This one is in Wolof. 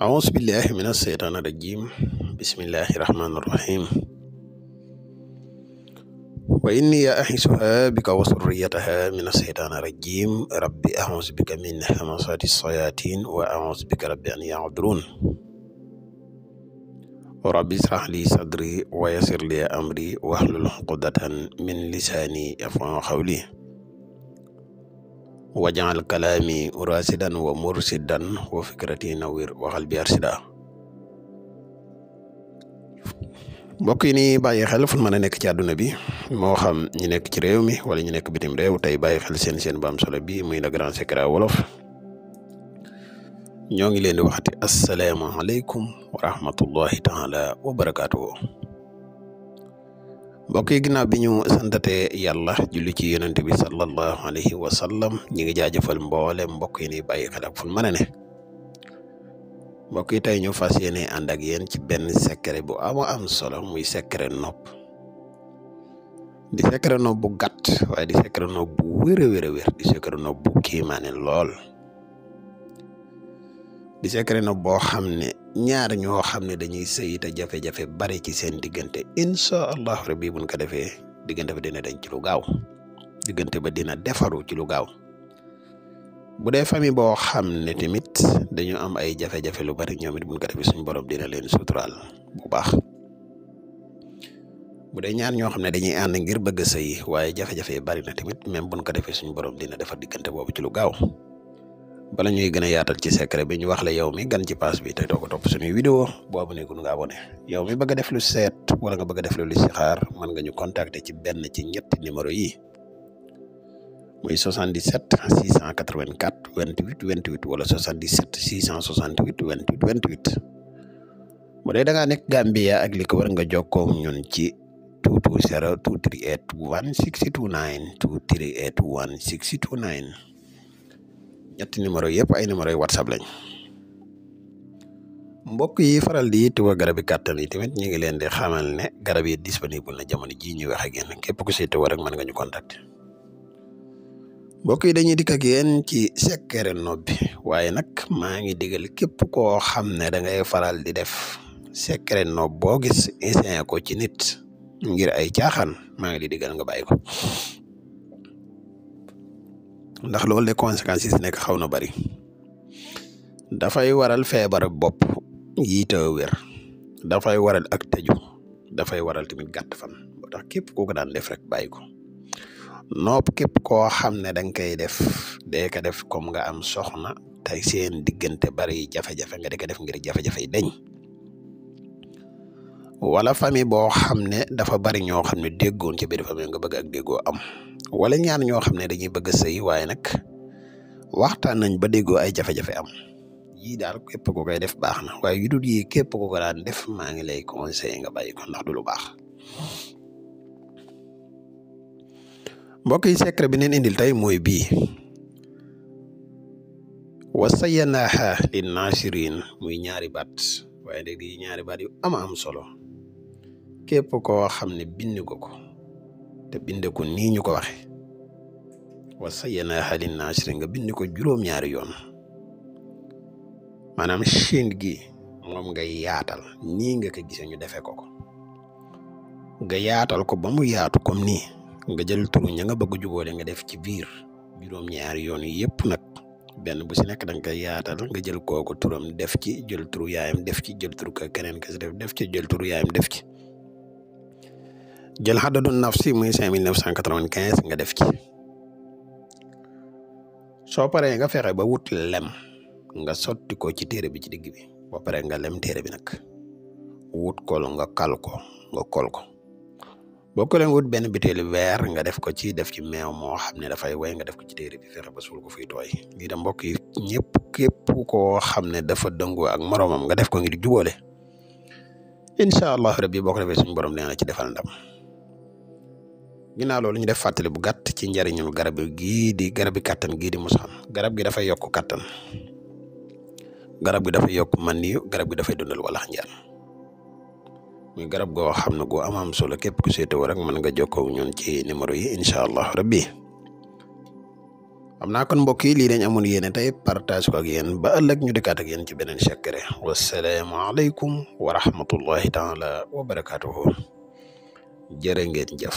أعوذ بالله من الشيطان الرجيم بسم الله الرحمن الرحيم وإني أحسها بك وسريتها من الشيطان الرجيم ربي أعوذ بك من همسات الشياطين وأعوذ بك ربي أن يعذرون ربي اشرح لي صدري ويسر لي أمري واحلل عقدة من لساني يفهم قولي وجعل كلامي راسدا ومرسدا وفكرتي نوير وقلبي بي ارسدا بوكي ني باي خل فما نيك تي ادنا بي مو خام ني نيك تي ريو مي ولا ني نيك بتيم ريو تاي باي خل سين سين بام سولو بي مي لا غران سيكرا ولوف نيوغي لين واخاتي السلام عليكم ورحمه الله تعالى وبركاته bokki ginaaw bi ñu santate yàlla julli ci yonent bi salallahu alayhi wa sallam ñi ngi jaajëfal mboole mbokk yi ni bàyyi xalak ful mën ne mbokk yi tey ñu fas yéene ànd ak yéen ci benn secret bu ama am solo muy secret nopp di secret nopp bu gàtt waaye di secret nopp bu wér a wér a wér di secret nopp bu kiimaane lool di secret na boo xam ne ñaar ñoo xam ne dañuy sëy te jafe-jafe bari ci seen diggante incha allahu rabbi buñ ko defee diggante ba dina dañ ci lu gaaw diggante ba dina defaru ci lu gaaw bu dee famille boo xam ne tamit dañu am ay jafe-jafe lu bari ñoom it buñ ko defee suñu borom dina leen suturaal bu baax bu dee ñaar ñoo xam ne dañuy ànd ngir bëgg sëy waaye jafe-jafe bari na tamit même buñ ko defee suñu borom dina defar diggante boobu ci lu gaaw bala ñuy gëna yaatal ci secret bi ñu wax la yow mi gan ci pass bi tay doo ko topp suñuy vidéo bo abonné ko nga abonné yow mi bëgg def lu seet wala nga bëgg def lu xaar man nga ñu contacter ci ben ci ñett numéro yi muy 77 684 28 28 wala 77 668 28 28 mo day da nga nek Gambia ak liko war nga joko ñun ci 220 238 1629 238 1629 ñetti numéro yépp ay numéro yu whatsapp lañ mbokk yi faral di tuwa garabi yi kàttan yi tamit ñu ngi leen di xamal ne garab yi disponible na jamono ji ñu wax ak yéen képp ku si tuwa rek mën nga ñu contacter mbokk yi dañuy dikk ak yéen ci sekkere nobbi waaye nak maa ngi digal képp koo xam ne da ngay faral di def sekkere nob boo gis essayer ko ci nit ngir ay caaxaan maa ngi di digal nga bàyyi ndax loolu de conséquences yi xaw na bari dafay waral feebar bopp yi te wér dafay waral ak tëju dafay waral tamit gàtt fan boo tax képp koo ko daan def rek bàyyi ko nopp képp koo xam ne da nga koy def dee ko def comme nga am soxna te seen diggante bari jafe-jafe nga di ko def ngir jafe-jafe yi dañ wala famille boo xam ne dafa bari ñoo xam ne déggoon ci biir famille nga bëgg ak déggoo am. wala ñaan ñoo xamne dañuy bëgg sey waye nak waxtaan nañ ba déggoo ay jafe-jafe am yi daal képp ko koy def baax na waaye yu dul yii képp ko ko daan def maa ngi lay conseillé nga bàyyi ko ndax du lu baax mbokk yi secret bi neen indil tey mooy bii wasayanaha lin nasirin muy ñaari baat waaye di ñaari baat yu ama am solo képp koo xam ne bind ko ko te binde ko nii ñu ko wa sayyanaahaa lin-naashri nga bind ko juróom-ñaari yoon maanaam shin gi moom nga yaatal nii nga ko gisee ñu defee ko ko nga yaatal ko ba mu yaatu comme nii nga jël turu ña nga bëgg juboole nga def ci biir juróom-ñaari yoon yëpp nag benn bu si nekk da nga koy yaatal nga jël kooku turam def ci jël turu yaayam def ci jël turu ka keneen ka si def def ci jël turu yaayam def ci jël xadadu nafsi muy cinq mille nga def ci soo paree nga fexe ba wut lem nga sotti ko ci téere bi ci digg bi ba pare nga lem téere bi nag wut ko nga kal ko nga kol ko boo ko wut benn bitéeli weer nga def ko ci def ci meew moo xam ne dafay way nga def ko ci téere bi fexe ba suul ko fuy tooy lii da mbokk yi ñëpp képp koo xam ne dafa dëngu ak moroomam nga def ko ngir juboole incha allahu rabbi boo ko defee suñu borom dina ci defal ndam ginnaaw loolu ñu def fàttali bu gàtt ci njariñul garab gii di garabi kàttan gii di musaam garab gi dafay yokk kàttan garab gi dafay yokk maniyu garab gi dafay dundal wala njaan muy garab goo xam ne goo am am solo képp ku seetewoo rek mën nga jokkoo ñun ci numéro yi insha allah rabbi am naa kon mbokk yi lii dañ amul yéene tey partage ko ak yéen ba ëllëg ñu dikkaat ak yéen ci beneen wa rahmatullahi taala wa barakaatuhu jërë ngeen jëf